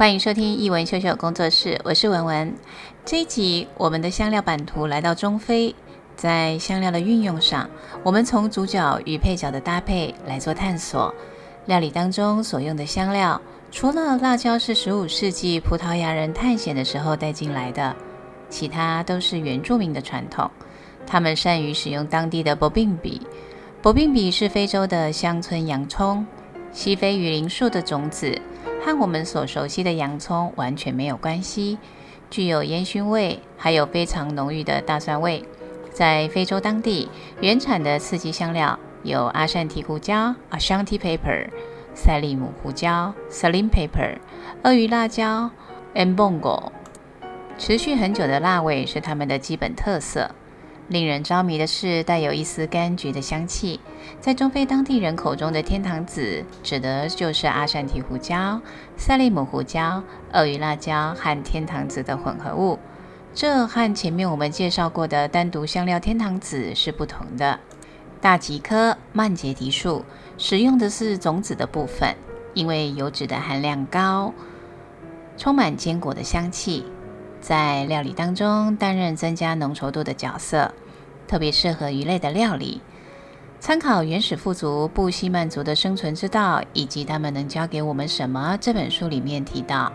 歡迎收聽一文秀秀工作室，我是文文。這一集我們的香料版圖來到中非，在香料的運用上，我們從主角與配角的搭配來做探索。料理當中所用的香料，除了辣椒是15世紀葡萄牙人探險的時候帶進來的，其他都是原住民的傳統。他們善於使用當地的薄餅筆，薄餅筆是非洲的鄉村洋蔥、西非雨林樹的種子。和我們所熟悉的洋蔥完全沒有關係，具有煙熏味，還有非常濃郁的大蒜味。在非洲當地原產的刺激香料有阿善提胡椒 a s a n t i p a p e r 賽利姆胡椒 s i l i m p a p e r 鱷魚辣椒 e m b o n g o 持續很久的辣味是它們的基本特色。令人着迷的是，帶有一絲柑橘的香氣。在中非當地人口中的“天堂籽”指的就是阿善提胡椒、塞利姆胡椒、鱷魚辣椒和天堂籽的混合物。這和前面我們介紹過的單獨香料“天堂籽”是不同的。大戟科曼杰迪樹使用的是種子的部分，因為油脂的含量高，充滿堅果的香氣，在料理當中擔任增加濃稠度的角色。特別適合魚類的料理。參考《原始富足布希曼族的生存之道》以及他們能教給我們什麼這本書裡面提到，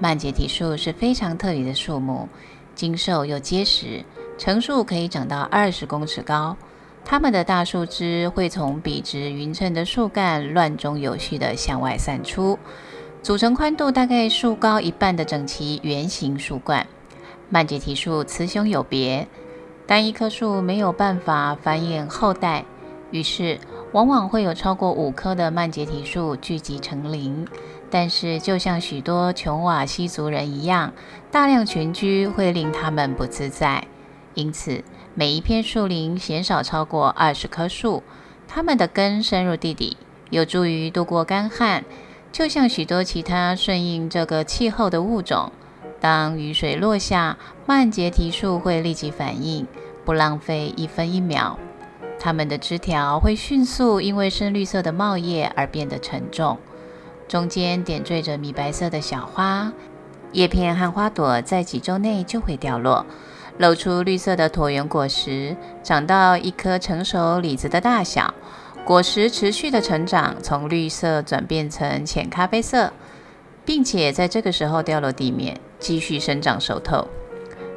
曼吉提樹是非常特別的樹木，精瘦又結實，成樹可以長到二十公尺高。它們的大樹枝會從筆直勻稱的樹幹亂中有序地向外散出，組成寬度大概樹高一半的整齊圓形樹冠。曼吉提樹雌雄有別。但一棵樹沒有辦法繁衍後代，於是往往會有超過五棵的曼傑提樹聚集成林。但是，就像許多瓊瓦西族人一樣，大量群居會令他們不自在，因此每一片樹林鮮少超過二十棵樹。它們的根深入地底，有助於度過乾旱，就像許多其他順應這個氣候的物種。當雨水落下，慢捷提樹會立即反應，不浪費一分一秒。它們的枝條會迅速因為深綠色的茂葉而變得沉重，中間點綴着米白色的小花。葉片和花朵在幾周內就會掉落，露出綠色的橢圓果實，長到一顆成熟李子的大小。果實持續的成長，從綠色轉變成淺咖啡色，並且在這個時候掉落地面。繼續生長熟透，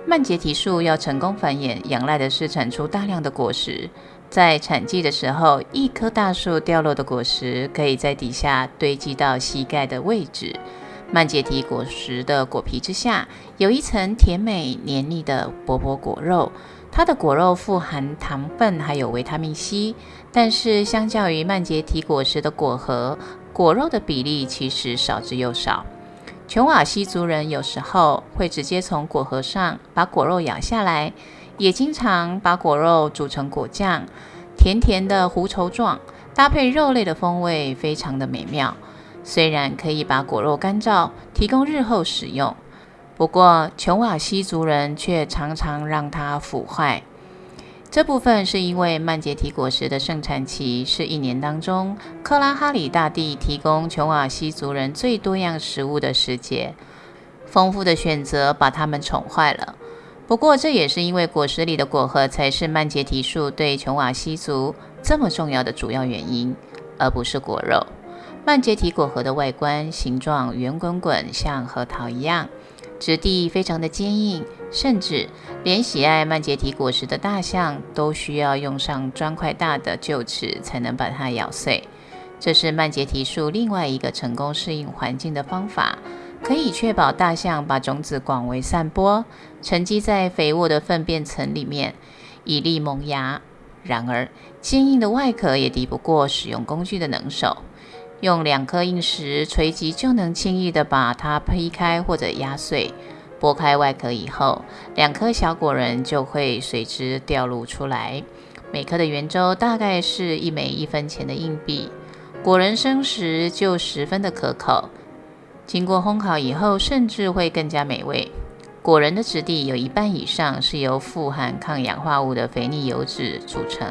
曼杰提樹要成功繁衍，仰賴的是產出大量的果實。在產季的時候，一棵大樹掉落的果實，可以在底下堆積到膝蓋的位置。曼杰提果實的果皮之下，有一層甜美黏膩的薄薄果肉，它的果肉富含糖分，還有維他命 C。但是，相較於曼杰提果實的果核，果肉的比例其實少之又少。瓊瓦西族人有時候會直接從果核上把果肉咬下來，也經常把果肉煮成果醬，甜甜的糊稠狀，搭配肉類的風味非常的美妙。雖然可以把果肉乾燥提供日後使用，不過瓊瓦西族人卻常常讓它腐壞。這部分是因為曼捷提果實的盛產期是一年當中克拉哈里大地提供瓊瓦西族人最多樣食物的時節，豐富的選擇把他們寵壞了。不過這也是因為果實裡的果核才是曼捷提樹對瓊瓦西族這麼重要的主要原因，而不是果肉。曼捷提果核的外觀形狀圓滾滾，像核桃一樣，質地非常的堅硬。甚至連喜愛曼捷提果實的大象，都需要用上磚塊大的臼齒才能把它咬碎。這是曼捷提樹另外一個成功適應環境的方法，可以確保大象把種子廣為散播，沉積在肥沃的糞便層裡面，以利萌芽。然而，堅硬的外殼也敵不過使用工具的能手，用兩顆硬石錘擊就能輕易地把它劈開或者壓碎。剝開外殼以後，兩顆小果仁就會隨之掉落出來。每顆的圓周大概是一枚一分錢的硬幣。果仁生食就十分的可口，經過烘烤以後，甚至會更加美味。果仁的質地有一半以上是由富含抗氧化物的肥膩油脂組成，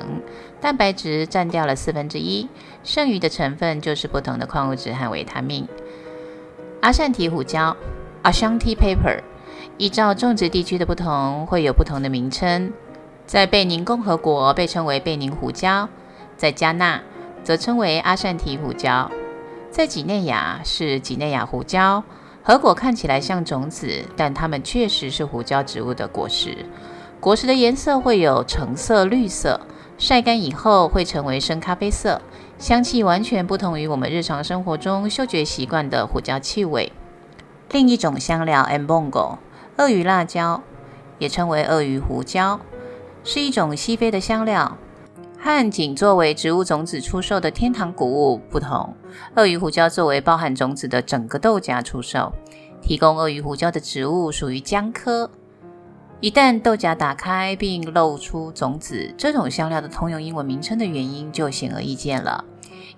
蛋白質占掉了四分之一，剩餘的成分就是不同的礦物質和維他命。阿善提胡椒 （Ashanti p a p e r 依照種植地區的不同，會有不同的名稱。在貝寧共和國被稱為貝寧胡椒，在加納則稱為阿善提胡椒，在幾內亞是幾內亞胡椒。核果看起來像種子，但它們確實是胡椒植物的果實。果實的顏色會有橙色、綠色，曬乾以後會成為深咖啡色，香氣完全不同於我們日常生活中嗅覺習慣的胡椒氣味。另一種香料 Mbongo。M 鱷魚辣椒也稱為鱷魚胡椒，是一種西非的香料。和僅作為植物種子出售的天堂穀物不同，鱷魚胡椒作為包含種子的整個豆莢出售。提供鱷魚胡椒的植物屬於薑科。一旦豆莢打開並露出種子，這種香料的通用英文名稱的原因就顯而易見了，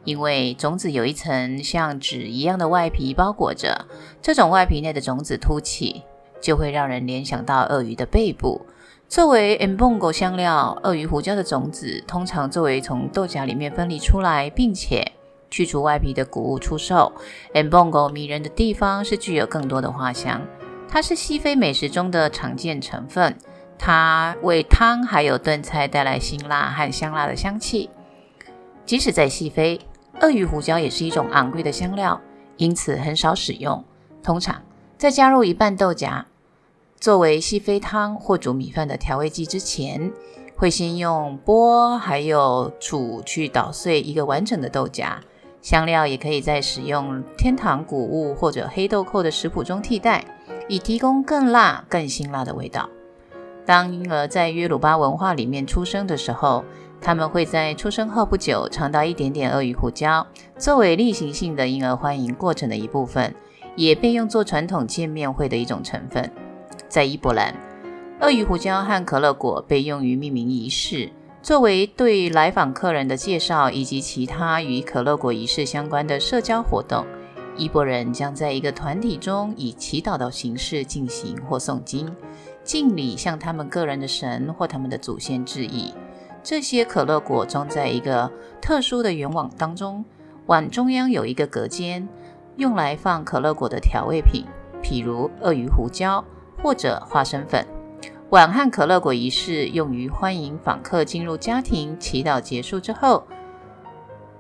因為種子有一層像紙一樣的外皮包裹着，這種外皮內的種子凸起，就會讓人聯想到鱷魚的背部。作為 Mbongo 香料，鱷魚胡椒的種子通常作為從豆莢裡面分離出來，並且去除外皮的谷物出售。Mbongo 迷人的地方是具有更多的花香，它是西非美食中的常見成分，它為湯還有燉菜帶來辛辣和香辣的香氣。即使在西非，鱷魚胡椒也是一種昂貴的香料，因此很少使用。通常再加入一半豆莢。作為西非湯或煮米飯的調味劑之前，會先用缽還有杵去搗碎一個完整的豆莢。香料也可以在使用天堂谷物或者黑豆蔻的食譜中替代，以提供更辣、更辛辣的味道。當嬰兒在約魯巴文化裡面出生的時候，他們會在出生後不久嘗到一點點鱷魚胡椒，作為例行性的嬰兒歡迎過程的一部分，也被用作傳統見面會的一種成分。在伊博蘭，鱷魚胡椒和可樂果被用於命名儀式，作為對來訪客人的介紹以及其他與可樂果儀式相關的社交活動。伊博人將在一個團體中以祈禱的形式進行或誦經，敬禮向他們個人的神或他們的祖先致意。這些可樂果裝在一個特殊的圓網當中，碗中央有一個隔間，用來放可樂果的調味品，譬如鱷魚胡椒。或者花生粉。晚宴可樂果儀式用於歡迎訪客進入家庭。祈禱結束之後，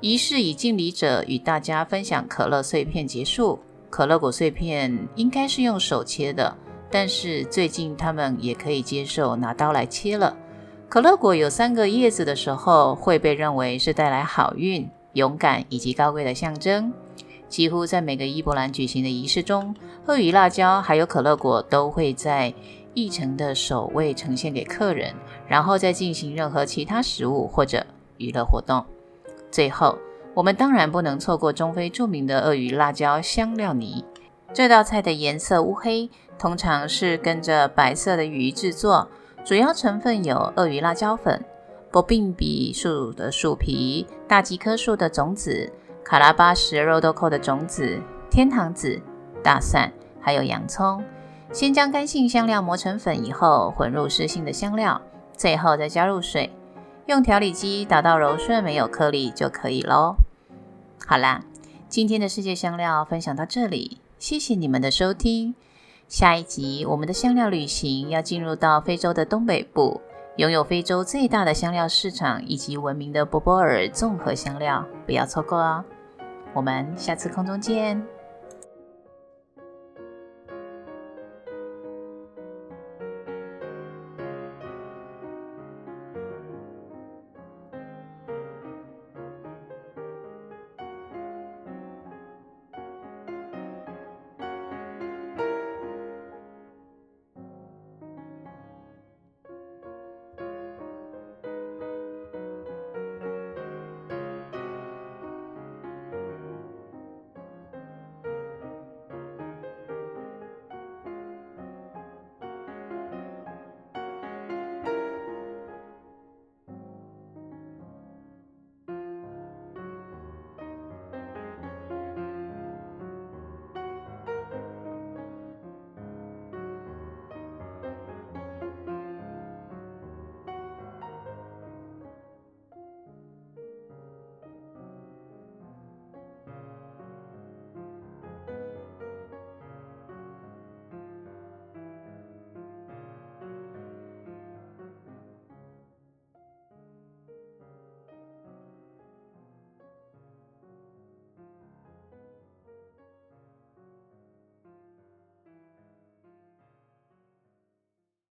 儀式以敬禮者與大家分享可樂碎片結束。可樂果碎片應該是用手切的，但是最近他們也可以接受拿刀來切了。可樂果有三個葉子的時候，會被認為是帶來好運、勇敢以及高貴的象徵。幾乎在每個伊博蘭舉行的儀式中，鱷魚辣椒還有可樂果都會在議程的首位呈現給客人，然後再進行任何其他食物或者娛樂活動。最後，我們當然不能錯過中非著名的鱷魚辣椒香料泥。這道菜的顏色烏黑，通常是跟着白色的魚製作，主要成分有鱷魚辣椒粉、不並比樹的樹皮、大戟科樹的種子。卡拉巴什肉豆蔻的種子、天堂子、大蒜，還有洋蔥。先將乾性香料磨成粉，以後混入濕性的香料，最後再加入水，用調理機打到柔順沒有顆粒就可以囉。好啦，今天的世界香料分享到這裡，謝謝你們的收聽。下一集我們的香料旅行要進入到非洲的東北部，擁有非洲最大的香料市場以及聞名的波波爾綜合香料，不要錯過哦。我們下次空中見。